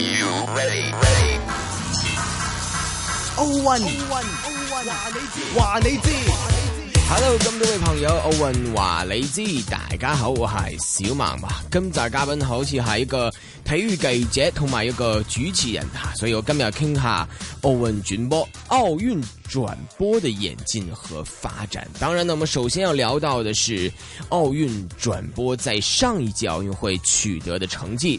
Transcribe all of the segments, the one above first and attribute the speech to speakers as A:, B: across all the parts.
A: You ready? Ready? 奧運，奧運，奧運，話你知，話你知。Hello，咁多位朋友，奧運話你知，大家好，我係小盲嘛。今集嘉賓好似係一個體育記者同埋一個主持人哈，所以我今日要傾下奧運轉播、奧運轉播的演進和發展。當然呢，我們首先要聊到的是奧運轉播在上一屆奧運會取得的成績。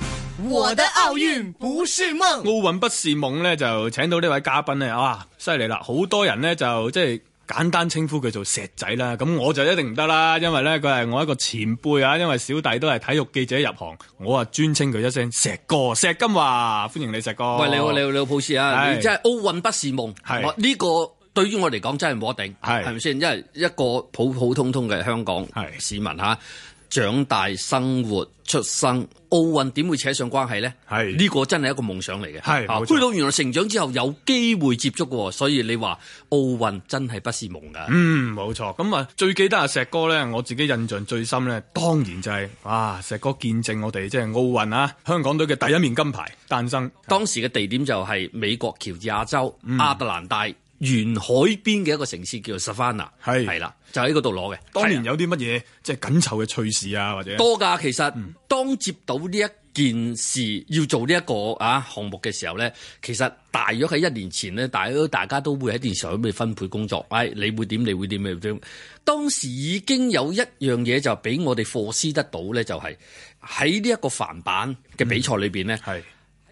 A: 我的奧運不是夢，
B: 奧運不是夢咧就請到呢位嘉賓咧啊，犀利啦！好多人咧就即係簡單稱呼佢做石仔啦，咁我就一定唔得啦，因為咧佢係我一個前輩啊，因為小弟都係體育記者入行，我啊尊稱佢一聲石哥、石金華，歡迎你石哥。喂，你好，你好，你好普 u 啊！你真係
C: 奧運不是夢，呢個對於我嚟講真係冇得頂，係咪先？因為一個普普通通嘅香港市民吓。長大、生活、出生，奧運點會扯上關係呢？係呢、這個真係一個夢想嚟嘅。係去到原來成長之
B: 後有機會接觸，所以你話奧運真係不是夢噶。嗯，冇錯。咁啊，最記得阿石哥呢，我自己印象最深呢，當然就係、是、啊，石哥見證我哋即係奧運啊，香港隊嘅第一面金牌誕生。當時嘅地點就係美國
C: 喬治亞州、嗯、亞特蘭大。沿海邊嘅一個城市叫做 s a 塞班啦，係係啦，就喺嗰度攞嘅。當年有啲乜嘢，即係緊湊嘅趣事啊，或者多㗎？其實當接到呢一件事、嗯、要做呢一個啊項目嘅時候咧，其實大約喺一年前咧，大約大家都會喺呢時候去分配工作。唉、哎，你會點？你會點？你會點？當時已經有一樣嘢就俾我哋霍斯得到咧，就係喺呢一個帆板嘅比賽裏邊咧。嗯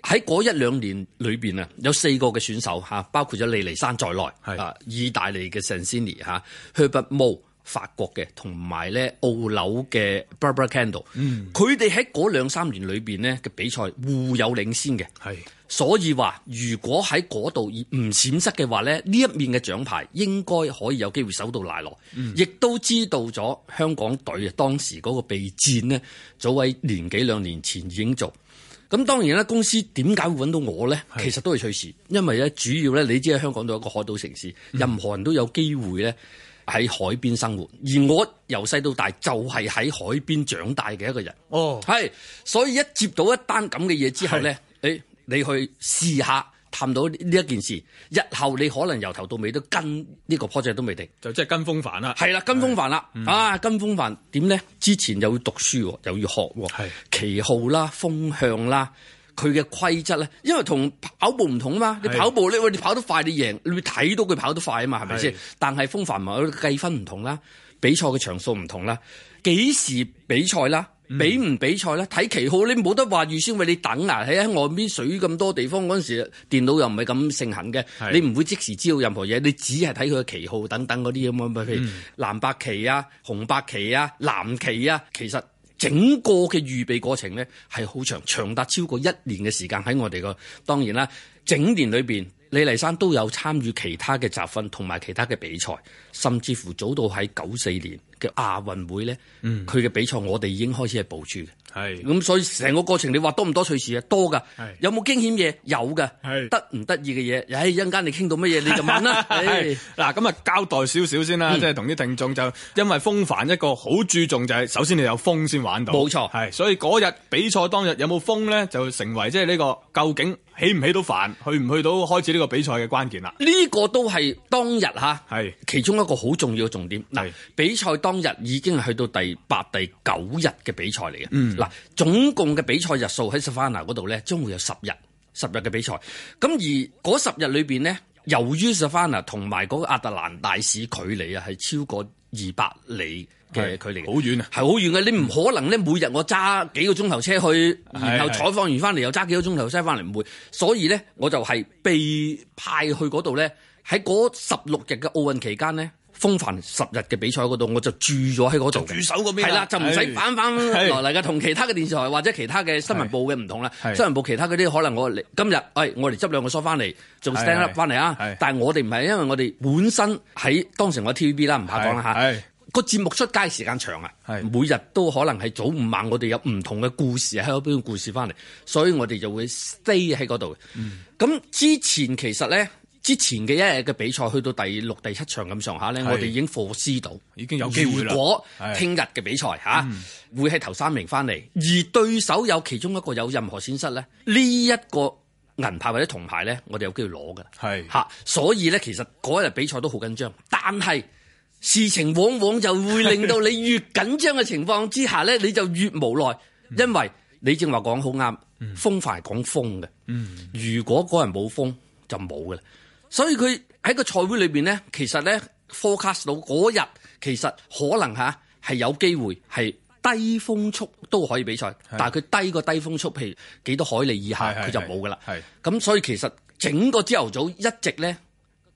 C: 喺嗰一兩年裏邊啊，有四個嘅選手嚇，包括咗利尼山在內，係啊，意大利嘅 Sensini 嚇，Hebert Mou 法國嘅，同埋咧澳紐嘅 Barbara Kendall，嗯，佢哋喺嗰兩三年裏邊咧嘅比賽互有領先嘅，係，所以話如果喺嗰度唔閃失嘅話咧，呢一面嘅獎牌應該可以有機會手到拿來，嗯，亦都知道咗香港隊啊，當時嗰個備戰早喺年幾兩年前已經做。咁當然啦，公司點解會揾到我咧？其實都係趣事，因為咧主要咧，你知喺香港都係一個海島城市，任何人都有機會咧喺海邊生活。而我由細到大就係喺海邊長大嘅一個人。哦，係，所以一接到一單咁嘅嘢之後咧，誒，係，你去試下。探到呢一件事，日後你可能由頭到尾都跟呢個 project 都未定，就即係跟風帆啦。係啦，跟風帆啦、嗯，啊，跟風帆點咧？之前又要讀書，又要學係，旗號啦、風向啦，佢嘅規則咧，因為同跑步唔同啊嘛。你跑步咧，你跑得快你贏，你會睇到佢跑得快啊嘛，係咪先？但係風帆嘛，計分唔同啦，比賽嘅場數唔同啦，幾時比賽啦？比唔比賽咧？睇旗號，你冇得話預先為你等啊！喺喺外面水咁多地方嗰陣時，電腦又唔係咁盛行嘅，你唔會即時知道任何嘢，你只係睇佢嘅旗號等等嗰啲咁啊，譬如藍白旗啊、紅白旗啊、藍旗啊。其實整個嘅預備過程咧係好長，長達超過一年嘅時間，喺我哋個當然啦，整年裏邊。李麗珊都有參與其他嘅集訓同埋其他嘅比賽，甚至乎早到喺九四年嘅亞運會咧，佢嘅比賽我哋已經開始係部署的。嘅。係咁、嗯，所以成個過程你話多唔多趣事啊？多噶，有冇驚險嘢？有噶，得唔得意嘅嘢？唉、欸，一陣間你傾到乜嘢你
B: 就問啦。係 嗱、哎，咁啊交代少少先啦，即係同啲聽眾就是、因為風帆一個好注重就係，首先你有風先玩到。冇錯，係所以嗰日比賽當日有冇風咧，就成為即係呢個究竟起唔起到帆，去唔去到開始呢個比賽嘅關鍵啦。呢、這個都係當日吓，係、啊、其中一個好重要嘅重點。嗱，
C: 比賽當日已經係去到第八、第九日嘅比賽嚟嘅。嗯。嗱，總共嘅比賽日數喺 Savannah 嗰度咧，將會有十日，十日嘅比賽。咁而嗰十日裏面呢，由於 Savannah 同埋嗰個亞特蘭大市距離啊，係超過二百里嘅距離，好遠啊，係好遠嘅、嗯。你唔可能咧，每日我揸幾個鐘頭車去，然後採訪完翻嚟又揸幾個鐘頭車翻嚟，唔會。所以咧，我就係被派去嗰度咧，喺嗰十六日嘅奧運期間呢。風帆十日嘅比賽嗰度，我就住咗喺嗰度，駐守、啊。嗰邊。係啦，就唔使反返來嚟嘅，同其他嘅電視台或者其他嘅新聞部嘅唔同啦。新聞部其他嗰啲可能我嚟今日，哎，我哋執兩個梳翻嚟做 stand up 翻嚟啊。但係我哋唔係，因為我哋本身喺當時我 TVB 啦，唔怕講啦嚇。個節目出街時間長啊，每日都可能係早午晚，我哋有唔同嘅故事喺嗰邊故事翻嚟，所以我哋就會 stay 喺嗰度。咁、嗯、之前其實咧。之前嘅一日嘅比賽去到第六、第七場咁上下咧，我哋已經破絲到，已經有機會啦。如果聽日嘅比賽嚇、啊、會係頭三名翻嚟、嗯，而對手有其中一個有任何損失咧，呢、這、一個銀牌或者銅牌咧，我哋有機會攞㗎喇。係嚇、啊，所以咧其實嗰日比賽都好緊張，但係事情往往就會令到你越緊張嘅情況之下咧， 你就越無奈，因為你正話講好啱，風帆係講風嘅。嗯，如果嗰日冇風就冇㗎喇。所以佢喺個賽會裏邊呢，其實 forecast 到嗰日其實可能吓係、啊、有機會係低風速都可以比賽，但係佢低個低風速，譬如幾多海里以下，佢就冇噶啦。咁所以其實整個朝頭早一直呢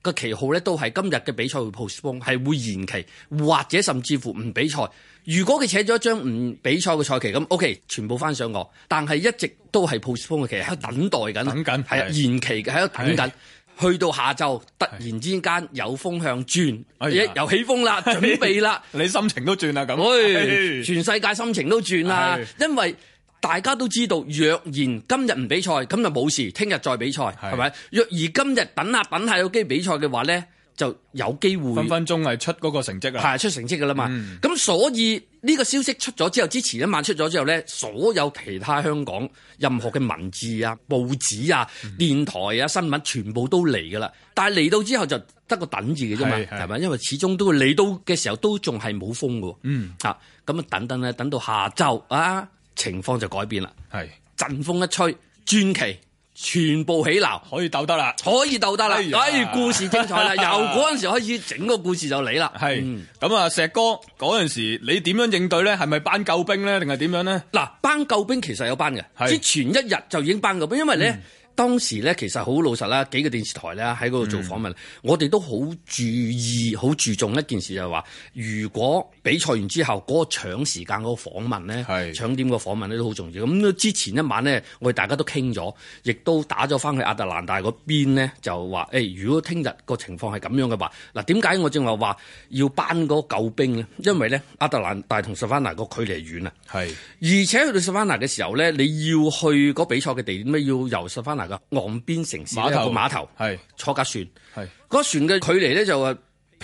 C: 個旗號呢，都係今日嘅比賽會 postpone 係會延期或者甚至乎唔比賽。如果佢扯咗一張唔比賽嘅賽期，咁 O K 全部翻上岸，但係一直都係 postpone 嘅期喺度等待緊，係啊延期嘅喺度等緊。去到下晝，突然之間有風向轉，又、哎、呀起風啦，準備啦， 你心情都轉啦咁。哎、全世界心情都轉啦，的因為大家都知道，若然今日唔比賽，咁就冇事，聽日再比賽，係咪的？若而今日等下等下有機比賽嘅話呢。就有機會分分鐘係出嗰個成績啦，係出成績㗎啦嘛。咁、嗯、所以呢、呢個消息出咗之後，之前一晚出咗之後咧，所有其他香港任何嘅文字啊、報紙啊、嗯、電台啊、新聞全部都嚟㗎啦。但係嚟到之後就得個等字嘅啫嘛，係咪？因為始終都會嚟到嘅時候都仲係冇風
A: 喎。
C: 嗯啊，啊咁啊等等咧，等到下晝啊情況就改變啦，係陣風一吹，專奇。全部起鬧可以鬥得啦，可以鬥得啦，哎，可以故事精彩啦， 由嗰陣
B: 時開始整個故事就嚟啦。係咁啊，嗯、石哥嗰陣時你點樣應對咧？係咪班救兵咧，定係點樣咧？嗱，班救兵其
C: 實有班嘅，之前一日就已經班救兵，因為咧。嗯當時咧其實好老實啦，幾個電視台咧喺度做訪問、嗯、我哋都好注意、好注重一件事、就是，就係話如果比賽完之後嗰搶、那個、時間個訪問咧，係搶點個訪問咧都好重要。咁之前一晚咧，我哋大家都傾咗，亦都打咗翻去亞特蘭大邊咧，就話誒、欸、如果聽日個情況係咁樣嘅話嗱點解我正話話要搬嗰救兵咧？因為咧亞特蘭大同 Savannah 個距離遠啊，係而且去到 Savannah 嘅時候咧，你要去嗰比賽嘅地點咧，要由 Savannah。岸邊城市碼頭，碼頭係坐架船，係嗰、那個、船嘅距離呢，就誒、是，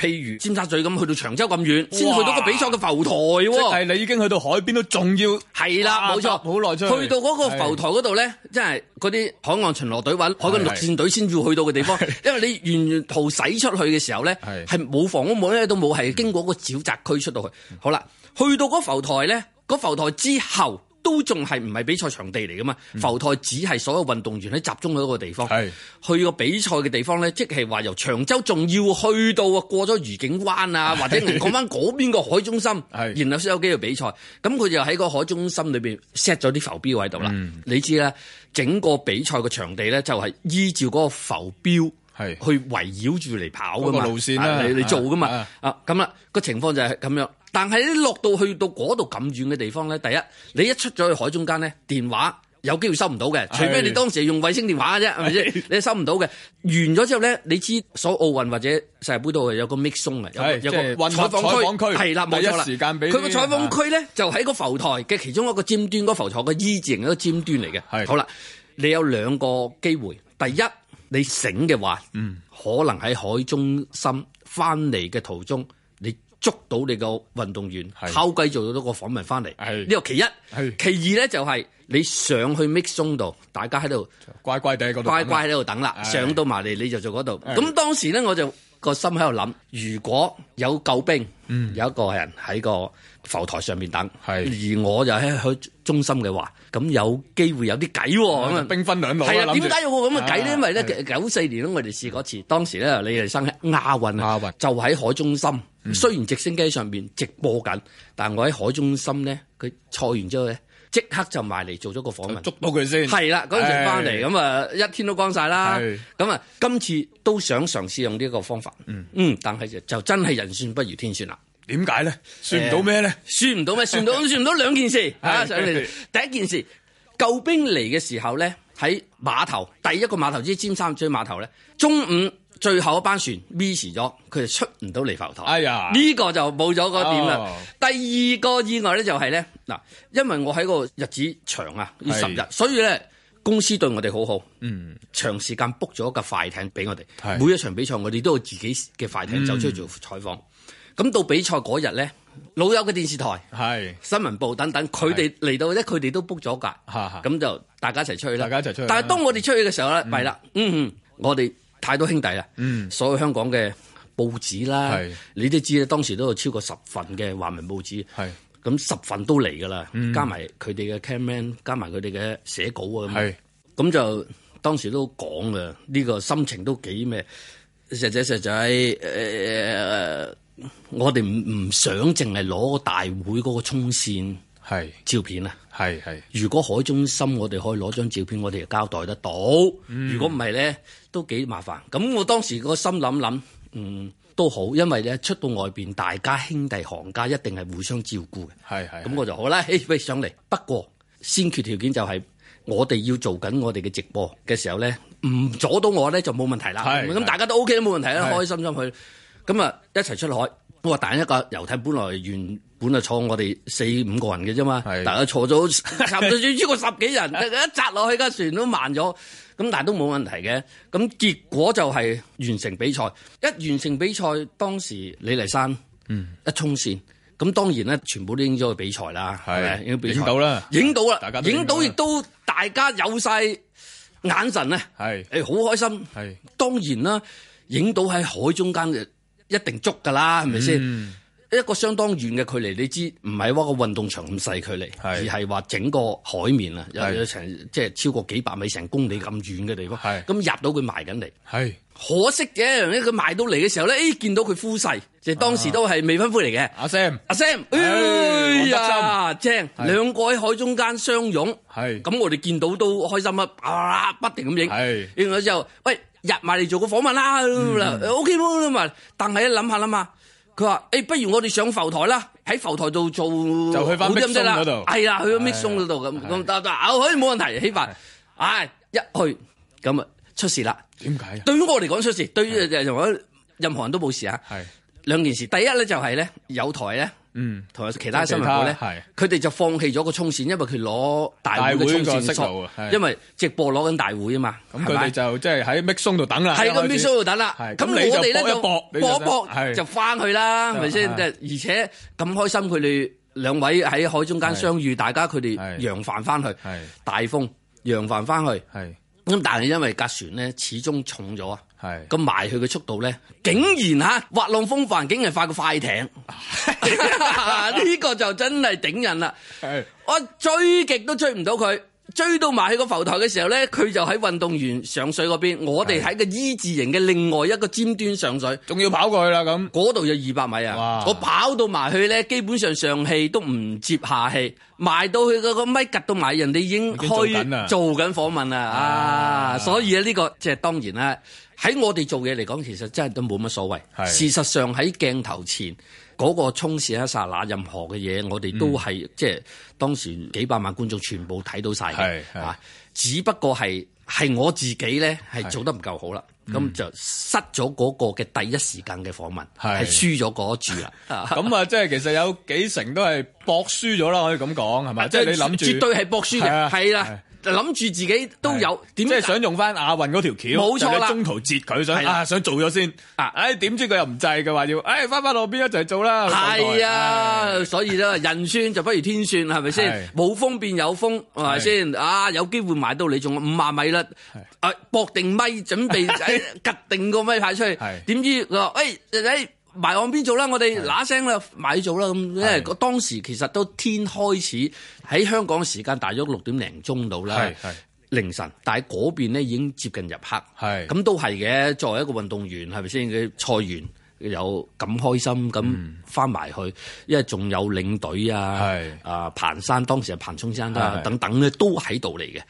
C: 譬如尖沙咀咁去到長洲咁遠，先去到個比賽嘅浮台喎。但係你已經去到海邊都仲要係啦，冇錯，好耐去，去到嗰個浮台嗰度呢，真係嗰啲海岸巡邏隊或者海軍陸戰隊先至去到嘅地方，因為你沿途駛出去嘅時候呢，係冇防空網咧，都冇係經過個沼澤區出到去。嗯、好啦，去到嗰浮台呢，嗰浮台之後。都仲係唔係比賽場地嚟噶嘛？浮台只係所有運動員喺集中喺嗰個地方，去個比賽嘅地方咧，即係話由長洲仲要去到啊，過咗愉景灣啊，或者嚟講翻嗰邊個海中心，然後先有機會比賽，咁佢就喺個海中心裏邊 set 咗啲浮標喺度啦。你知啦，整個比賽嘅場地咧就係依照嗰個浮標係去圍繞住嚟跑嘅嘛，那個、路綫啦，啊，你做噶嘛啊咁啦，個情況就係咁樣。但係咧，落到去到嗰度咁遠嘅地方咧，第一，你一出咗去海中間咧，電話有機會收唔到嘅，除非你當時用衛星電話啫，係咪先？你收唔到嘅，完咗之後咧，你知所奧運或者世界杯都有個 mixing 嘅，有個採訪區，係啦，冇錯啦，佢個採訪區咧就喺個浮台嘅其中一個尖端嗰浮台個 E 字形嘅一個尖端嚟嘅。係，好啦，你有兩個機會，第一，你醒嘅話，嗯，可能喺海中心翻嚟嘅途中。捉到你個運動員，是靠計做咗個訪問翻嚟。呢個是其一，是其二咧就係，是、你上去 Mix Zone 度，大家喺度乖乖地度乖乖喺度等啦。是上到埋嚟你就做嗰度。咁是當時咧我就。個心喺度諗，如果有救兵，有一個人喺個浮台上面等，而我就喺海中心嘅話，咁有機會有啲計咁啊！兵分
B: 兩路，係啊，點解有個咁嘅計咧？因為咧
C: 九四年咧，我哋試過一次，當時咧李麗珊喺亞運，就喺海中心。雖然直升機上面直播緊，但我喺海中心咧，佢賽完之後咧。即刻就埋嚟做咗個訪問，捉到佢先。係啦，嗰陣時翻嚟咁啊，一天都乾晒啦。咁啊，今次都想嘗試用呢個方法。嗯，嗯，但係就真係人算不如天算啦。點解咧？算唔到咩咧？算唔到咩？算到算唔到兩件事。第一件事，救兵嚟嘅時候咧，喺碼頭第一個碼頭之尖沙咀碼頭咧，中午。最後一班船 miss 咗，佢就出唔到嚟浮台。哎呀，呢、這個就冇咗個點啦、哦。第二個意外咧就係咧，嗱，因為我喺個日子長啊，二十日，所以咧公司對我哋好好。
B: 嗯，
C: 長時間 book 咗一架快艇俾我哋，每一場比賽我哋都有自己嘅快艇走出去做採訪。咁、嗯、到比賽嗰日咧，老友嘅電視台、新聞部等等，佢哋嚟到咧，佢哋都 book 咗架。咁就大家一齊出去啦。大家一齊出去。但係當我哋出去嘅時候咧，弊、嗯、啦，嗯，我哋。太多兄弟啦、嗯，所有香港嘅報紙啦，你都知當時都有超過十份嘅華文報紙，咁十份都嚟㗎啦，加埋佢哋嘅 cameraman，加埋佢哋嘅寫稿啊，咁就當時都講嘅，呢個心情都幾咩？石仔，石仔，我哋唔唔想淨係攞個大會嗰個衝線。係照片啊，係係。如果海中心我哋可以攞張照片，我哋就交代得到。嗯、如果唔係咧，都幾麻煩。咁我當時個心諗諗，嗯，都好，因為咧出到外面，大家兄弟行家一定係互相照顧嘅。係係。咁我就好啦，嘿，上嚟。不過先決條件就係我哋要做緊我哋嘅直播嘅時候咧，唔阻到我咧就冇問題啦。係。咁大家都 O K 都冇問題啦，開心心去。咁啊，一齊出海。不過，但一個遊艇本來原。本就坐我哋四五個人嘅啫嘛，大家坐咗甚至超過十幾人，一擲落去架船都慢咗，咁 但係都冇問題嘅。咁結果就係完成比賽，一完成比賽，當時李麗珊一衝線，咁、嗯、當然咧，全部都影咗去比賽啦，影到啦，影到啦，影到亦都到到到大家有晒眼神咧，係，誒好開心，當然啦，影到喺海中間嘅一定捉㗎啦，係咪先？一個相當遠嘅距離，你知唔係話個運動場咁細距離，而係話整個海面啊，有成即係超過幾百米，成公里咁遠嘅地方，咁入到佢埋緊嚟。係可惜嘅，佢埋到嚟嘅時候咧，誒、哎、見到佢夫婿，即係當時都係未婚夫嚟嘅。阿 Sam，阿 Sam，哎呀，正，兩個喺海中間相擁，咁我哋見到都開心啊，啊，不停咁影，影咗之後就，喂，入埋嚟做個訪問啦，O K 啦嘛，但係一諗下啦嘛。佢話，誒、欸，不如我哋上浮台啦，喺浮台度做，就去翻 Mix Zone 係啦，去咗 Mix Zone 度咁，咁得得，啊，可以冇問題，起碼，唉、哎，一去，咁啊，出事啦，點解啊？對於我嚟講出事，對於任何任何人都冇事啊。係兩件事，第一咧就係咧有台咧。嗯，同埋其他新聞台係佢哋就放棄咗個充線，因為佢攞大會嘅充線因為直播攞緊大會啊嘛，咁佢哋就即係喺 m o 松度等啦，喺 Mixon 度等啦，咁我哋咧就搏搏搏就翻去啦，係咪先？即而且咁開心，佢哋兩位喺海中間相遇，大家佢哋揚帆翻去，大風揚帆翻去。咁但係因為架船咧始終重咗啊，咁埋佢嘅速度咧竟然吓滑浪風帆，竟然快過快艇，呢 個就真係頂人啦！我追極都追唔到佢。追到埋去個浮台嘅時候咧，佢就喺運動員上水嗰邊，我哋喺個 E 字形嘅另外一個尖端上水，仲要跑過去啦咁。嗰度有二百米啊！哇我跑到埋去咧，基本上上氣都唔接下氣，埋到去嗰個咪吉到埋，人哋已經開已經做緊訪問呀。啊！所以呢、呢個即係當然啦，喺我哋做嘢嚟講，其實真係都冇乜所謂。事實上喺鏡頭前。嗰、那個衝線一剎那，任何嘅嘢我哋都係、嗯、即係當時幾百萬觀眾全部睇到晒。嘅，啊，只不過係係我自己咧係做得唔夠好啦，咁就失咗嗰個嘅第一時間嘅訪問，係輸咗嗰注啦。
B: 咁 啊，即係其實有幾成都係博輸咗啦，可以咁講係咪？即係 你諗住絕對係博輸嘅，係啦、啊。
C: 諗住自己
B: 都有點，即係想用翻亞運嗰條橋，冇錯啦。中途截佢，想啊，想做咗先啊。唉，點知佢又唔制嘅話，要唉，翻返落邊一齊做啦。係啊，所以咧，人算就不如天算，係咪先？冇風變有風，係咪先？
C: 啊，有機會買到你仲五萬米啦。誒，搏定米，準備仔夾定個米派出去。點知佢話誒誒？埋岸邊做啦，我哋嗱聲啦埋做啦咁咧。因為當時其實都天開始喺香港時間大約六點零鐘度啦，凌晨。但喺嗰邊呢已經接近入黑，咁都係嘅。作為一個運動員係咪先？佢賽員有咁開心，咁翻埋去，因為仲有領隊啊，啊彭山當時啊彭沖山啊等等咧都喺
B: 度嚟嘅。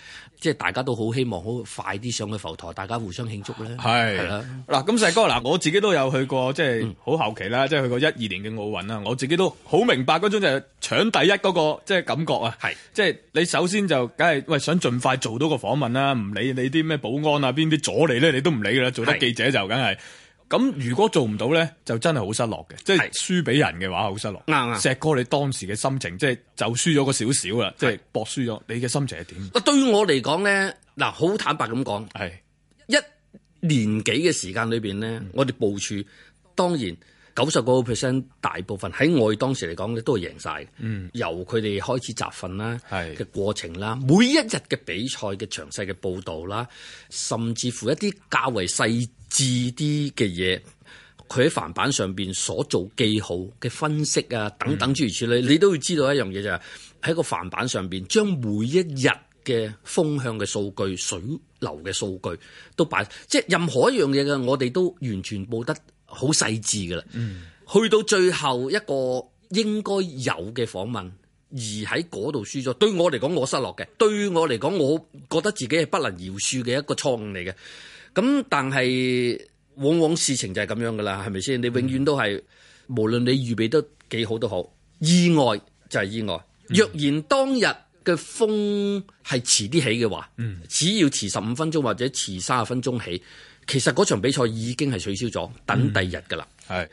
B: 即係大家都好希望好快啲上去浮台，大家互相慶祝咧。係係啦。嗱，咁石哥嗱，我自己都有去過，即係好後期啦，即、嗯、係、就是、去過一二年嘅奧運啦。我自己都好明白嗰種就係搶第一嗰、那個即係、就是、感覺啊。係。即、就、係、是、你首先就梗係喂想盡快做到個訪問啦，唔理你啲咩保安啊邊啲阻你咧，你都唔理噶啦。做得記者就梗係。咁如果做唔到咧，就真係好失落嘅，即係輸俾人嘅話好失落。啱啊，石哥，你當時嘅心情，即係就輸咗個少少啦，即係博輸咗。你嘅心情係點啊？對於我嚟講咧，嗱，好坦白咁講，係一年幾嘅
C: 時間裏邊咧，我哋部署當然九十個 percent，大部分喺我當時嚟講咧，都係贏晒嘅。嗯，由佢哋開始集訓啦，係，嘅過程啦，每一日嘅比賽嘅詳細嘅報道啦，甚至乎一啲較為細字啲嘅嘢，佢喺帆板上邊所做記號嘅分析啊，等等，嗯，諸如此類，你都會知道一樣嘢就係喺個帆板上邊，將每一日嘅風向嘅數據、水流嘅數據都擺，即係任何一樣嘢嘅，我哋都完全報得好細緻噶啦。嗯，去到最後一個應該有嘅訪問，而喺嗰度輸咗，對我嚟講我失落嘅，對我嚟講我覺得自己係不能饒恕嘅一個錯誤嚟嘅。咁但係往往事情就係咁樣噶啦，係咪先？你永遠都係、嗯、無論你預備得幾好都好，意外就係意外。若然當日嘅風係遲啲起嘅話，嗯，只要遲十五分鐘或者遲三十分鐘起，其實嗰場比賽已經係取消咗，等第二日噶啦。係、嗯、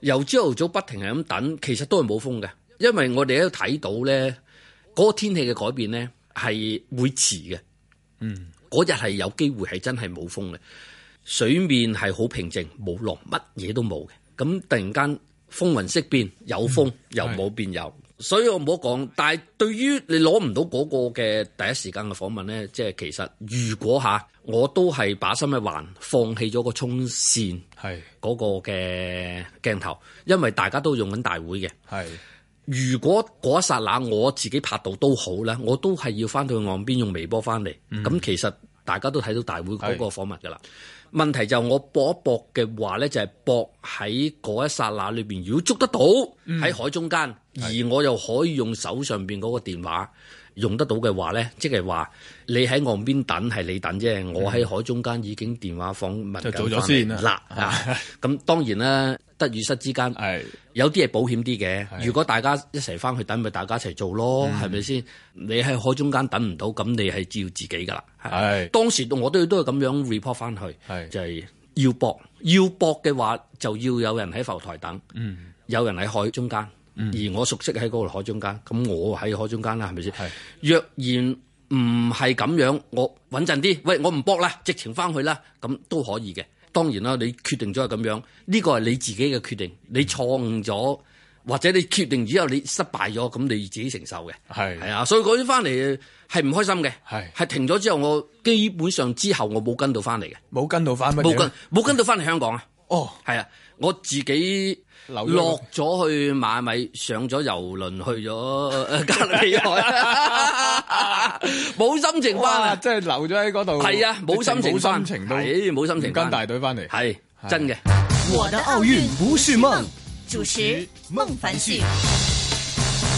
C: 由朝頭早不停係咁等，其實都係冇風嘅，因為我哋喺度睇到咧，嗰、那個天氣嘅改變咧係會遲嘅。嗯。嗰日係有機會係真係冇風嘅，水面係好平靜，冇浪，乜嘢都冇嘅。咁突然間風雲色變，有風、嗯、又冇變有，所以我唔好講。但係對於你攞唔到嗰個嘅第一時間嘅訪問呢，即係其實如果吓，我都係把心一橫，放棄咗個沖線嗰個嘅鏡頭，因為大家都用緊大會嘅。係。如果嗰一剎那我自己拍到都好啦，我都係要翻到去岸邊用微波翻嚟。咁、嗯、其實大家都睇到大會嗰個訪問㗎啦。是問題就我搏一搏嘅話咧，就係搏喺嗰一剎那裏邊如果捉得到喺、嗯、海中間，是而我又可以用手上邊嗰個電話用得到嘅話咧，即係話，就是、你喺岸邊等係你等啫，是我喺海中間已經電話訪問咗先啦。嗱，咁當然啦。得與失之間，有啲係保險啲嘅。如果大家一齊翻去等，咪大家一齊做咯，係咪先？你喺海中間等唔到，咁你係照自己噶啦。係當時我都要都係咁樣 report 翻去，就係、是、要博。要博嘅話，就要有人喺浮台等，嗯、有人喺海中間、嗯。而我熟悉喺嗰個海中間，咁我喺海中間啦，係咪先？若然唔係咁樣，我穩陣啲，喂，我唔博啦，直情翻去啦，咁都可以嘅。當然啦，你決定咗係咁樣，呢個係你自己嘅決定。你錯誤咗，或者你決定之後你失敗咗，咁你自己承受嘅。係係啊，所以嗰啲翻嚟係唔開心嘅。係係的停咗之後，我基本上之後我冇跟到翻嚟嘅，冇跟到翻乜嘢，冇跟冇跟到翻嚟香港啊。哦、嗯，係啊，我自己。那個、落咗去馬米，上咗遊輪去咗加勒比海，冇
B: 心情翻啊！即係留咗喺嗰度。係啊，冇心情，冇心情，係冇心情。跟大隊翻嚟，係真嘅。我的奧運不是夢，
A: 主持孟凡旭。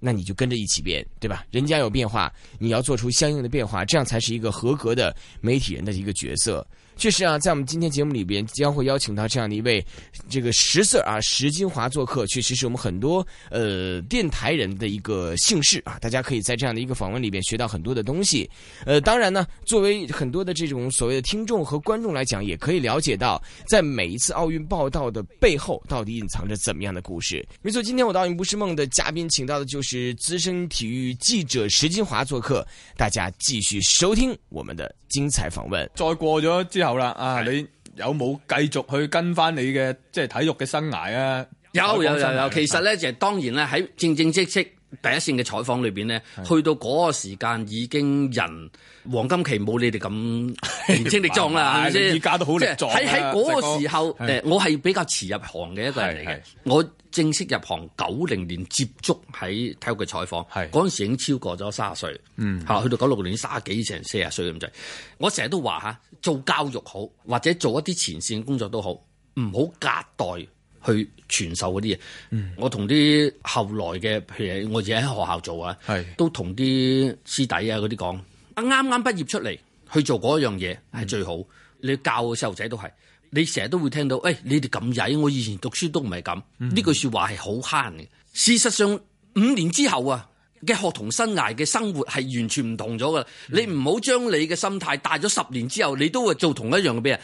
A: 那你就跟着一起變，對吧？人家有變化，你要做出相應的變化，這樣才是一個合格的媒體人的一個角色。確實啊，在我們今天節目裏邊將會邀請到這樣的一位這個石 Sir 啊，石金華做客，確實是我們很多呃電台人的一個姓氏啊，大家可以在這樣的一個訪問裏邊學到很多的東西。呃，當然呢，作為很多的這種所謂的聽眾和觀眾來講，也可以了解到在每一次奧運報道的背後到底隱藏着怎麼樣的故事。沒錯，今天我的奧運不是夢的嘉賓請到的就是資深體育記者石金華做客，大家繼續收聽我們的精彩訪問。再過咗有啦啊！你有冇繼續去跟翻你嘅
B: 即係體育嘅生涯啊？有有有有，其實咧就當然咧喺正正式式第一
C: 線嘅採訪裏邊呢，去到嗰個時間已經人黃金期冇你哋咁年青力壯啦，係咪先？而家都好力壯啊。喺喺嗰個時候，誒我係比較遲入行嘅一個人嚟嘅，我。正式入行九零年，接觸喺體育嘅採訪，係嗰陣時已經超過咗三十歲，嗯嚇，去到九六年三十幾成四十歲咁滯。我成日都話嚇，做教育好，或者做一啲前線工作都好，唔好隔代去傳授嗰啲嘢。我同啲後來嘅，譬如我自己喺學校做啊，都同啲師弟啊嗰啲講，啱啱畢業出嚟去做嗰一樣嘢係最好。你教個細路仔都係。你成日都會聽到，誒、欸、你哋咁曳，我以前讀書都唔係咁。呢、mm -hmm. 句說話係好慳嘅。事實上，五年之後啊嘅學童生涯嘅生活係完全唔同咗噶。Mm -hmm. 你唔好將你嘅心態帶咗十年之後，你都會做同一樣嘅嘢。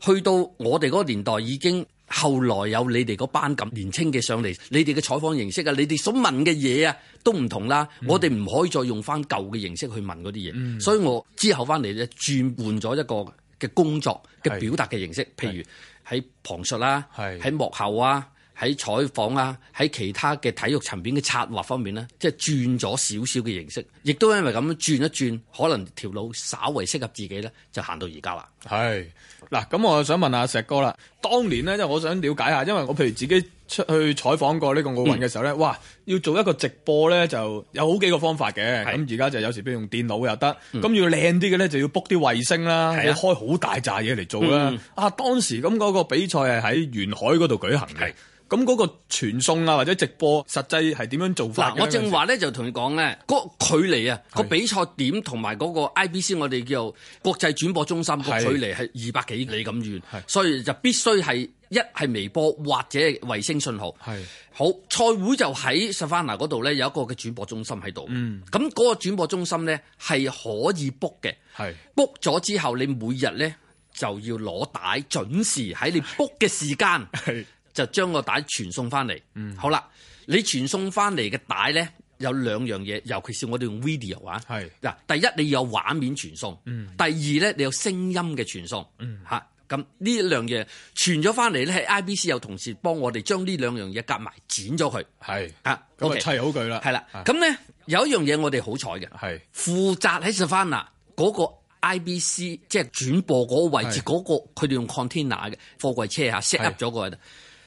C: 去到我哋嗰個年代，已經後來有你哋嗰班咁年青嘅上嚟，你哋嘅採訪形式啊，你哋所問嘅嘢啊，都唔同啦。Mm -hmm. 我哋唔可以再用翻舊嘅形式去問嗰啲嘢。Mm -hmm. 所以我之後翻嚟咧，轉換咗一個。嘅工作嘅表達嘅形式，譬如喺旁述啦、啊，喺是的 幕後啊，喺採訪啊，喺其他嘅體育層面嘅策劃方面咧，即係轉咗少少嘅形式，亦都因為咁樣轉一轉，可能條路稍為適合自己
B: 咧，就行到而家啦。係，嗱，咁我就想問下石哥啦，當年咧，即係我想了解下，因為我譬如自己。出去採訪過呢個奧運嘅時候咧、嗯，哇！要做一個直播咧，就有好幾個方法嘅。咁而家就有時用電腦又得，咁、嗯、要靚啲嘅咧就要 book 啲衛星啦，啊、開好大扎嘢嚟做啦、嗯。啊，當時咁嗰個比賽係喺沿海嗰度舉行嘅。咁嗰個傳送啊，或者直播，實際係點樣做法？嗱、啊，我正話咧，
C: 就同你講咧，個距離啊，個比賽點同埋嗰個 IBC，我哋叫做國際轉播中心，個距離係二百幾里咁遠，所以就必須係一係微波或者衛星信號。好賽會就喺 Savannah 嗰度咧，有一個嘅轉播中心喺度。嗯，咁嗰個轉播中心咧係、嗯那個、可以 book 嘅。係 book 咗之後，你每日咧就要攞帶準時喺你 book 嘅時間。係。就將個帶傳送翻嚟，嗯，好啦，你傳送翻嚟嘅帶咧，有兩樣嘢，尤其是我哋用 video 啊，嗱，第一你有畫面傳送，嗯，第二咧你有聲音嘅傳送，吓咁呢兩樣嘢傳咗翻嚟咧，係 IBC 有同事幫我哋將呢兩樣嘢夾埋剪咗佢，係啊，咁，嗯，砌好佢啦，係，啊，啦，咁咧有一樣嘢我哋好彩嘅，係負責喺西班牙嗰個 IBC 即係轉播嗰個位置嗰，嗰個佢哋用 container 嘅貨櫃車下 set up 咗過嚟。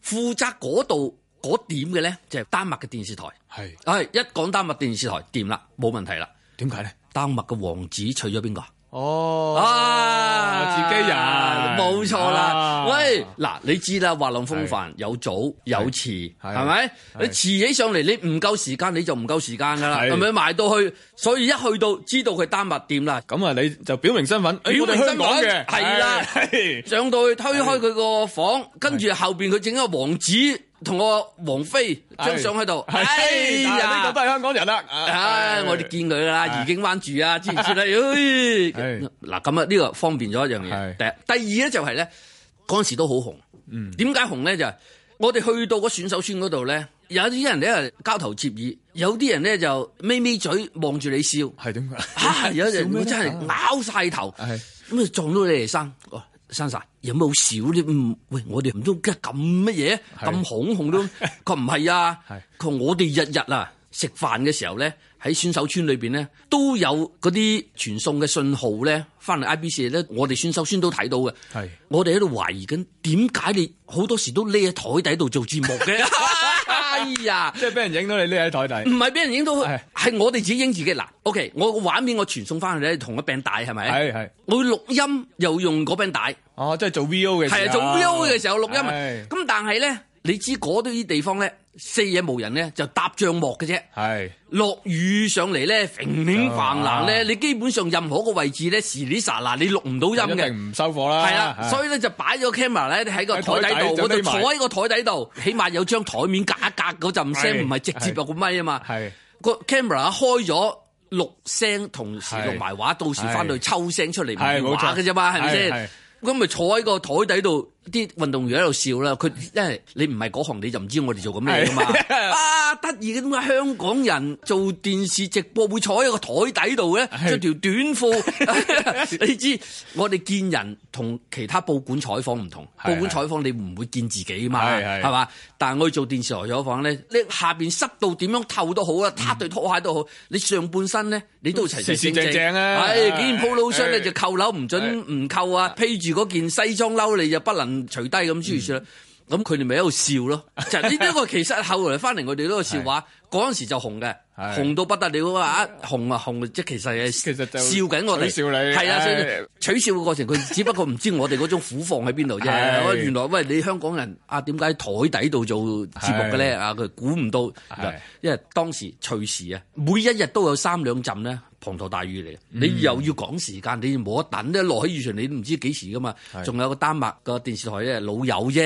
C: 負責嗰度嗰點嘅咧就係丹麥嘅電視台，係係，一講丹麥電視台掂啦，冇問題啦。點解咧？丹麥嘅王子娶咗邊個啊？
B: 哦，啊，自己人，冇、啊、錯
C: 啦、啊。喂，嗱，你知啦，滑浪風帆有早有遲，係咪？你遲起上嚟，你唔夠時間，你就唔夠時間噶啦，係咪？埋到去，所以一去到知道佢丹麥店啦。咁啊，你就表明身份，誒，表我哋香港嘅，係啦， 上到去推開佢個房，跟住後邊佢整一個王子。同我王菲張相喺度，係！人呢度都係香港人啦、啊，唉、啊哎，我哋見佢啦，愉景灣住啊，之前說啦，咦，嗱，咁啊，呢、哎哎這個方便咗一樣嘢，第第二咧就係、是、咧，嗰陣時都好紅，嗯，點解紅咧就係、是、我哋去到嗰選手村嗰度咧，有啲人咧交頭接耳，有啲人咧就眯眯嘴望住你笑，係點啊？有啲人真係咬晒頭，就、哎、撞到你哋生。生晒有咩好少呢？嗯，喂，我哋唔通驚咁乜嘢，咁恐恐都？佢唔係啊，佢我哋日日啊食飯嘅時候咧，喺選手村裏邊咧都有嗰啲傳送嘅信號咧，翻嚟 IBC 咧，我哋選手村都睇到嘅。係，我哋喺度懷疑緊，點解你好多時都匿喺台底度做節目嘅？ 哎呀！即係俾人影到你匿喺台底，唔係俾人影到，係我哋自己影自己。嗱。係，OK，我個畫面我傳送翻去咧，同一餅帶係咪？係係，係係我錄音又用嗰餅帶。哦，即係做 VO 嘅時候。係啊，做 VO 嘅時候錄音啊！咁、哦、但係咧。你知嗰啲地方咧，四野無人咧，就搭帳幕嘅啫，係落雨上嚟咧，平平泛濫咧，你基本上任何個位置咧 l i r i 嗱，你錄
B: 唔到音嘅，一定唔收貨啦。係啦，所以
C: 咧就擺咗 camera 咧喺個台底度，我就坐喺個台底度，起碼有張台面隔一隔嗰陣聲，唔係直接有個咪啊嘛。係個 camera 一開咗錄聲，同時錄埋畫，到時翻到去抽聲出嚟，嘅啫嘛，係咪先？咁咪坐喺個台底度。啲運動員喺度笑啦，佢因為你唔係嗰行你就唔知我哋做緊咩噶嘛。 啊，得意嘅，點解香港人做電視直播會坐喺個台底度嘅？着條短褲， 你知我哋見人同其他報館採訪唔同，報館採訪你唔會見自己嘛，係 嘛？但係我去做電視台採訪咧，你下邊濕到點樣透都好啊，撻對拖鞋都好，你上半身咧你都齊齊，正正啊，係見 production 咧就扣褸唔準唔扣啊，披住嗰件西裝褸你就不能。除低咁諸如此類，咁佢哋咪喺度笑咯。就呢一個，其實後來翻嚟我哋呢個笑話，嗰 陣時就紅嘅， 紅到不得了啊！紅啊紅，即其實係笑緊我哋笑你係啊！取笑嘅、啊、過程，佢 只不過唔知我哋嗰種苦況喺邊度啫。 原來喂，你香港人啊，點解台底度做節目嘅咧？ 啊，佢估唔到， 因為當時隨時啊，每一日都有三兩陣呢。滂沱大雨嚟嘅，你又要趕時間，你冇得等咧，落喺雨場你都唔知幾時噶嘛。仲有個丹麥個電視台咧老友啫，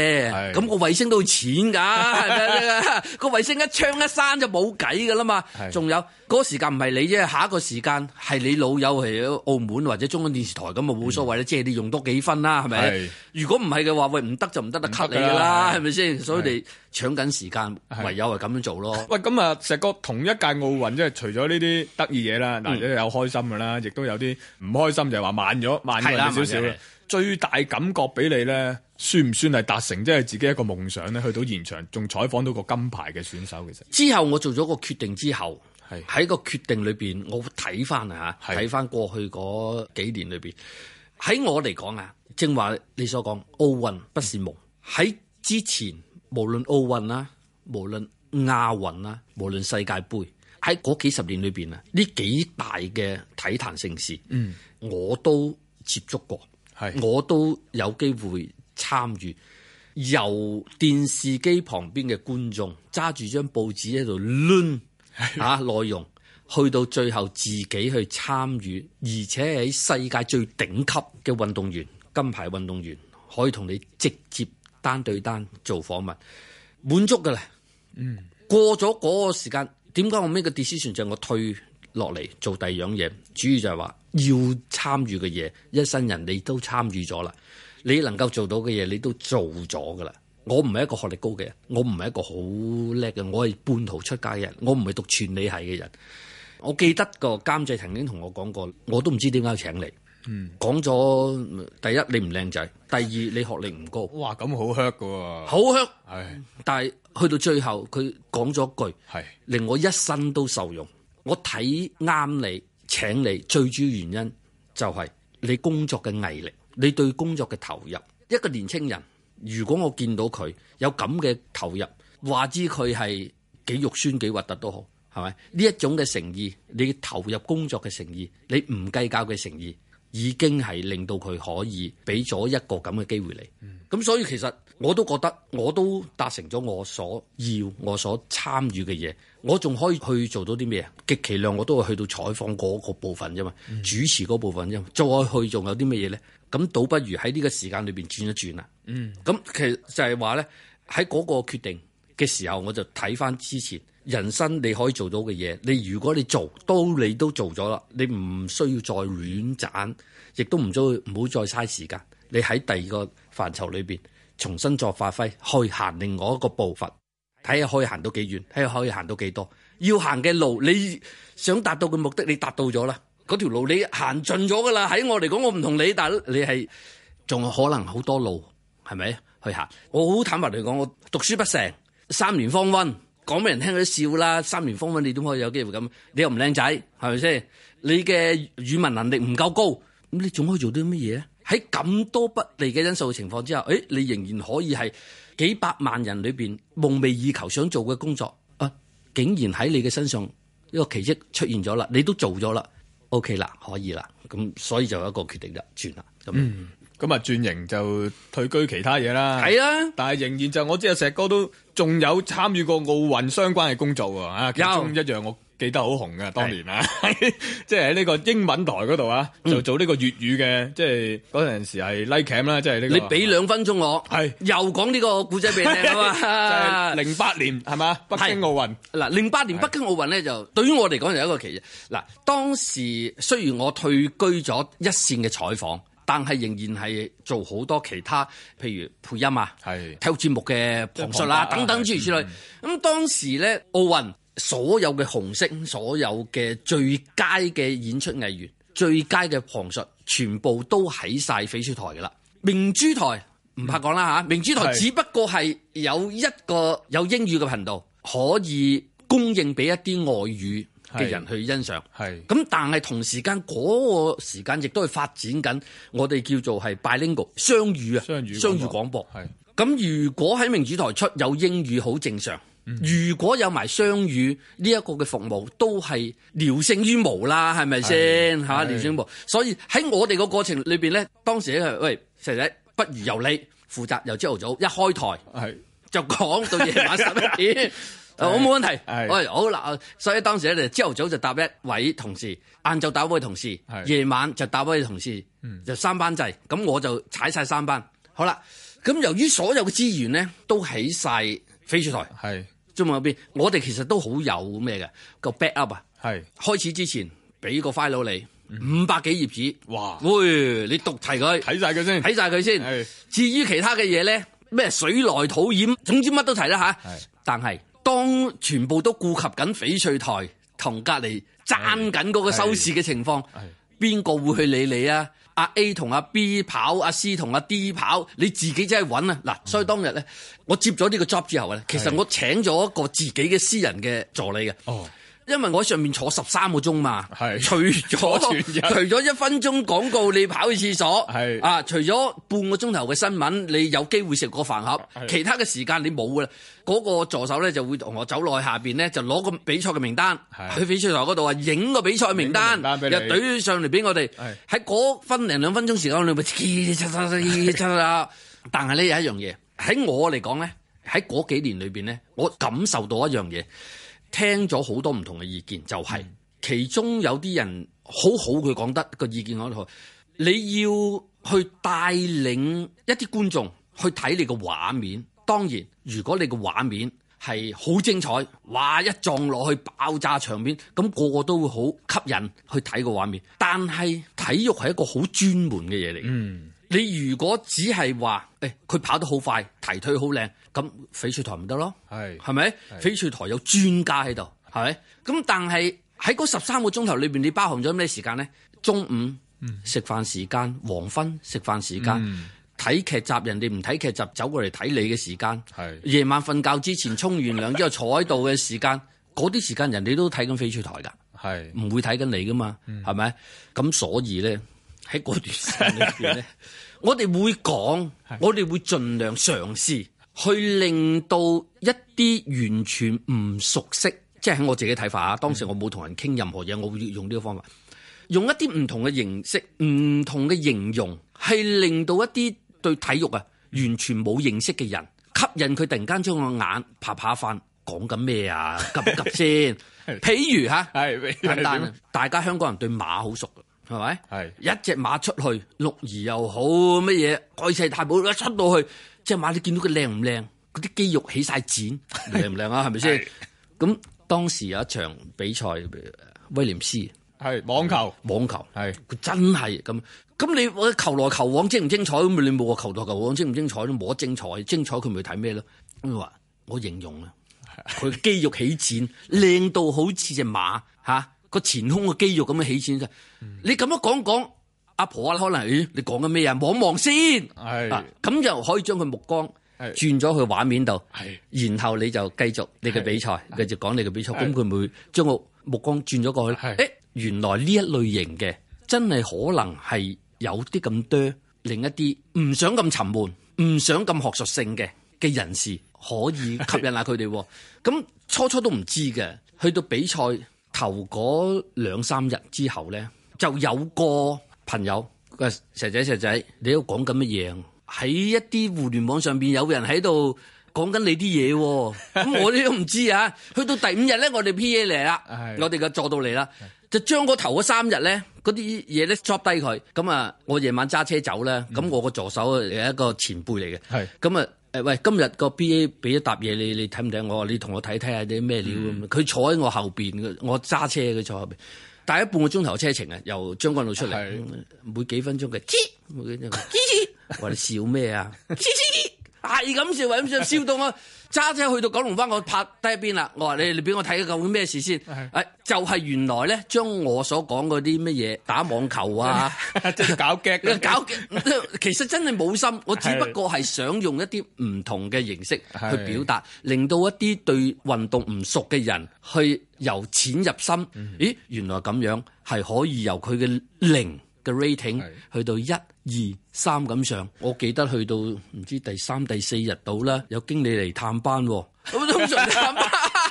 C: 咁、那個衛星都要錢㗎， 個衛星一槍一閂就冇計㗎啦嘛。仲有嗰、那個時間唔係你啫，下一個時間係你老友係澳門或者中央電視台咁啊冇所謂啦，即係你用多幾分啦，係咪？如果唔係嘅話，喂，唔得就唔得，得 cut 你啦，係咪先？
B: 所以你搶緊時間，唯有係咁樣做咯。喂，咁啊，石哥同一屆奧運即係除咗呢啲得意嘢啦。有開心㗎啦，亦都有啲唔開心，就係話慢咗，慢咗少少啦。最大感覺俾你咧，算唔算係達成，即係自己一個夢想咧？去到現場仲採訪到個金牌嘅選手，其實之後我做咗個決定之後，
C: 喺個決定裏邊，我睇翻啊，睇翻過去嗰幾年裏邊，喺我嚟講啊，正話你所講，奧運不是夢。喺、嗯、之前，無論奧運啊，無論亞運啊，無論世界盃。喺嗰幾十年裏面，啊，呢幾大嘅體壇盛事，
B: 嗯，
C: 我都接觸過，係我都有機會參與，由電視機旁邊嘅觀眾揸住張報紙喺度論啊內容，去到最後自己去參與，而且喺世界最頂級嘅運動員、金牌運動員，可以同你直接單對單做訪問，滿足㗎喇，嗯，過咗嗰個時間。點解我呢個 decision 就係我退落嚟做第二樣嘢？主要就係話要參與嘅嘢，一生人你都參與咗啦，你能夠做到嘅嘢你都做咗噶啦。我唔係一個學歷高嘅人，我唔係一個好叻嘅，我係半途出家嘅人，我唔係讀傳理系嘅人。我記得個監製曾經同我講過，我都唔知點解要請你。嗯，講咗第一你唔靚仔，第二你學歷唔高。哇，咁好黑噶，好黑。係，但係去到最後佢講咗一句，係令我一生都受用。我睇啱你，請你最主要原因就係你工作嘅毅力，你對工作嘅投入。一個年青人，如果我見到佢有咁嘅投入，話知佢係幾肉酸幾核突都好，係咪？呢一種嘅誠意，你投入工作嘅誠意，你唔計較嘅誠意。已經係令到佢可以俾咗一個咁嘅機會嚟，咁所以其實我都覺得我都達成咗我所要我所參與嘅嘢，我仲可以去做到啲咩啊？極其量我都會去到採訪嗰個部分啫嘛，嗯、主持嗰部分啫嘛，再去仲有啲咩嘢咧？咁倒不如喺呢個時間裏面轉一轉啦。咁、嗯、其實就係話咧，喺嗰個決定嘅時候，我就睇翻之前。人生你可以做到嘅嘢，你如果你做都你都做咗啦，你唔需要再亂掙，亦都唔需唔好再嘥時間。你喺第二個範疇裏邊重新再發揮，去行另外一個步伐，睇下可以行到幾遠，睇下可以行到幾多。要行嘅路，你想達到嘅目的，你達到咗啦，嗰條路你行盡咗㗎啦。喺我嚟講，我唔同你，但你係仲有可能好多路係咪？去行，我好坦白嚟講，我讀書不成，三年方溫。講俾人聽，佢都笑啦。三年方雲，你點可以有機會咁？你又唔靚仔，係咪先？你嘅語文能力唔夠高，咁你仲可以做啲乜嘢啊？喺咁多不利嘅因素嘅情況之下，誒，你仍然可以係幾百萬人裏邊夢寐以求想做嘅工作啊，竟然喺你嘅身上呢個奇蹟
B: 出現咗啦，你都做咗啦，OK 啦，可以啦，咁所以就有一個決定就轉啦咁。咁啊，轉型就退居其他嘢啦。係啦、啊，但係仍然就我知阿石哥都仲有參與過奧運相關嘅工作喎。其中一樣，我記得好紅㗎，當年啊，即係喺呢個英文台嗰度啊，就做呢個粵語嘅，即係嗰陣時係 l i k e a m 啦，即、這、係呢個。你俾兩分鐘我，係又講呢個古仔俾你聽啊！零八 年係嘛？北京奧運嗱，零八年北京奧運咧，就對於我嚟
C: 講就係一個奇。嗱，當時雖然我退居咗一線嘅採訪。但係仍然係做好多其他，譬如配音啊、體育節目嘅旁述啦、啊係啊、等等諸如此類。咁當時咧奧運所有嘅紅星、所有嘅最佳嘅演出藝員、嗯、最佳嘅旁述，全部都喺晒翡翠台㗎啦。明珠台唔怕講啦、嗯、明珠台只不過係有一個有英語嘅頻道，可以供應俾一啲外語。嘅人去欣賞，係咁，但係同時間嗰個時間亦都係發展緊，我哋叫做係 bilingual 雙語啊，雙語廣播係。咁如果喺明珠台出有英語好正常、嗯，如果有埋雙語呢一個嘅服務，都係聊勝於無啦，係咪先嚇？聊勝於無，所以喺我哋個過程裏邊咧，當時係喂，細仔不如由你負責，由朝頭早一開台就講到夜晚十一點。 我冇問題，喂好啦，所以當時咧就朝頭早就搭一位同事，晏晝搭位同事，夜晚就搭位同事，就三班制。咁我就踩晒三班，好啦。咁由於所有嘅資源咧都喺晒飛出台，係中環嗰邊，我哋其實都好有咩嘅個 backup 啊。係開始之前俾個 file 你五百幾頁紙，哇，喂你讀齊佢睇晒佢先，睇晒佢先。先至於其他嘅嘢咧，咩水來土掩，總之乜都齊啦吓。但係。當全部都顧及緊翡翠台同隔離爭緊嗰個收視嘅情況，邊個會去理你啊？阿 A 同阿 B 跑，阿 C 同阿 D 跑，你自己真係揾啊！嗱、嗯，所以當日咧，我接咗呢個 job 之後咧，其實我請咗一個自己嘅私人嘅助理嘅。的因為我喺上面坐十三個鐘嘛，
B: 係除咗除
C: 咗一分鐘廣告，你跑去廁所係啊，除咗半個鐘頭嘅新聞，你有機會食個飯盒，其他嘅時間你冇噶啦。嗰個助手咧就會同我走落去下邊咧，就攞個比賽嘅名單，去翡翠台嗰度啊，影個比賽名單，又對上嚟俾我哋。喺嗰分零兩分鐘時間裏邊，嚓嚓嚓嚓嚓嚓。但係呢有一樣嘢，喺我嚟講咧，喺嗰幾年裏邊咧，我感受到一樣嘢。聽咗好多唔同嘅意見，就係、是、其中有啲人好好，佢講得個意見好，我同你要去帶領一啲觀眾去睇你個畫面。當然，如果你個畫面係好精彩，哇！一撞落去爆炸場面，咁、那個個都會好吸引去睇個畫面。但係體育係一個好專門嘅嘢嚟。嗯你如果只係話，誒、欸，佢跑得好快，提腿好靚，咁翡翠台唔得咯，係，係咪？翡翠台有專家喺度，係咪？咁但係喺嗰十三個鐘頭裏邊，你包含咗咩時間咧？中午食飯時間、黃昏食飯時間、睇、嗯、劇集，人哋唔睇劇集走過嚟睇你嘅時間，係，夜晚瞓覺之前沖完涼之後坐喺度嘅時間，嗰啲時間人哋都睇緊翡翠台噶，係，唔會睇緊你噶嘛，係、嗯、咪？咁所以咧。喺嗰段時間裏邊咧，我哋會講，我哋會盡量嘗試去令到一啲完全唔熟悉，即係喺我自己睇法啊。當時我冇同人傾任何嘢，我會用呢個方法，用一啲唔同嘅形式、唔同嘅形容，係令到一啲對體育啊完全冇認識嘅人，吸引佢突然間將個眼拍拍翻，講緊咩啊？急唔急先？ 譬如吓， 簡單， 大家香港人對馬好熟。係咪？係一隻馬出去，鹿兒又好乜嘢？蓋世太保一出到去，隻馬你見到佢靚唔靚？嗰啲肌肉起晒展，靚唔靚啊？係咪先？咁當時有一場比賽，威廉斯係網球，網球係佢真係咁。咁你我球來球往精唔精彩咁？你冇話球來球往精唔精彩都冇得精彩，精彩佢咪睇咩咯？佢話我形容啦，佢 肌肉起展，靚到好似隻馬嚇。啊個前胸嘅肌肉咁樣起先啫、欸。你咁樣講講阿婆啊，可能你講緊咩啊？望望先，係咁就可以將佢目光轉咗去畫面度，然後你就繼續你嘅比賽，繼續講你嘅比賽。咁佢會將個目光轉咗過去，誒、欸，原來呢一類型嘅真係可能係有啲咁多另一啲唔想咁沉悶，唔想咁學術性嘅嘅人士可以吸引下佢哋。咁、啊、初初都唔知嘅，去到比賽。頭嗰兩三日之後咧，就有個朋友，石仔石仔，你都講緊乜嘢？喺一啲互聯網上邊，有人喺度講緊你啲嘢，咁我哋都唔知啊。 去到第五日咧，我哋 P A 嚟啦， 我哋嘅助導嚟啦， 就將個頭嗰三日咧嗰啲嘢咧 stop 低佢。咁啊，我夜晚揸車走呢。咁我個助手係一個前輩嚟嘅，咁 啊。誒喂，今日個 B A 俾一沓嘢你，你睇唔睇？我話你同我睇睇下啲咩料咁。佢坐喺我後邊嘅，我揸車佢坐後邊，大一半個鐘頭車程啊。由將軍澳出嚟，每幾分鐘嘅，切，每幾分鐘，切，話你笑咩啊？切切，係咁笑，咁就笑到我。 揸車去到九龍灣，我拍低一邊啦。我話你，你俾我睇究竟咩事先？誒、啊、就係、是、原來咧，將我所講嗰啲乜嘢，打網球啊，即 係搞極，搞極。 其實真係冇心，我只不過係想用一啲唔同嘅形式去表達，令到一啲對運動唔熟嘅人，去由淺入深。嗯、咦，原來咁樣係可以由佢嘅零嘅 rating 去到一。二三咁上，我記得去到唔知第三第四日到啦，有經理嚟探班。咁 通常探班，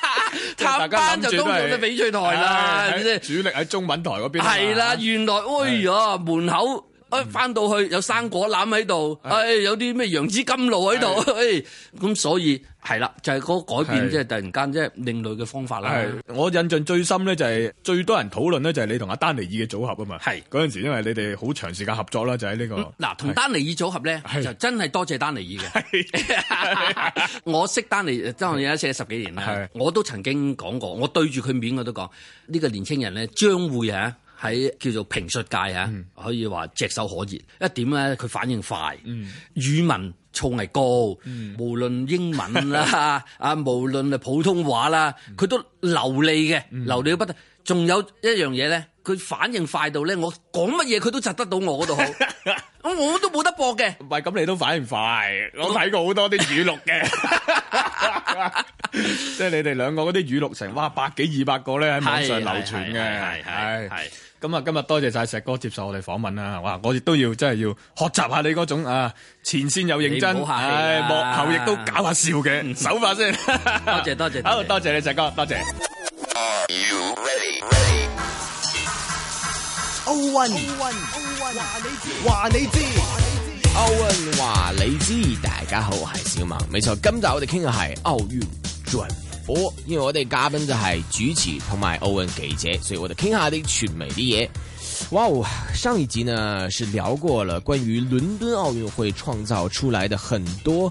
C: 探班都通常都比、哎、就都去到翡翠台啦，係咪
B: 先？主力喺中文台嗰邊。係啦、
C: 啊，原來哎呀、啊，門口。誒，翻到去有生果籃喺度，誒，有啲咩楊枝甘露喺度，誒、哎，咁所以係
B: 啦，就係、是、嗰個改變，即係突然間即係另類嘅方法啦。是的是的，我印象最深咧就係最多人討論咧就係你同阿丹尼爾嘅組合啊嘛。係嗰陣時因為你哋好長時間合作啦，就喺呢、這個。嗱、嗯，同丹尼爾組合咧就真係多謝丹尼爾嘅。 我識
C: 丹尼爾，真係有一齊咗十幾年啦。我都曾經講過，我對住佢面我都講呢個年輕人咧將會嚇。張喺叫做評述界，可以話炙手可熱。一點咧，佢反應快，語文造詣高、嗯，無論英文啦啊， 無論係普通話啦，佢都流利嘅，流利不得。仲有一樣嘢咧，佢反應快到咧，我講乜嘢佢都窒得到我嗰度好， 我
B: 都冇得播嘅。唔係咁，你都反應快，我睇過好多啲語錄嘅，即係你哋兩個嗰啲語錄成哇百幾二百個咧喺網上流傳嘅，係係，咁啊、哎嗯，今日多謝晒石哥接受我哋訪問啦，哇！我亦都要真係要學習下你嗰種啊，前線有認真，唉、哎，幕後亦都搞下笑嘅手法先哈哈。多謝多謝，多謝好多謝你石哥，多謝。
A: 奧運，奧運，奧運，話你知，奧運話你知，大家好，我係小馬，沒錯，今集我哋傾嘅係奧運轉播，哦、因為我哋嘉賓就係主持同埋奧運記者，所以我哋傾下啲傳媒啲嘢。哇哦，上一集呢是聊過了關於倫敦奧運會創造出來的很多。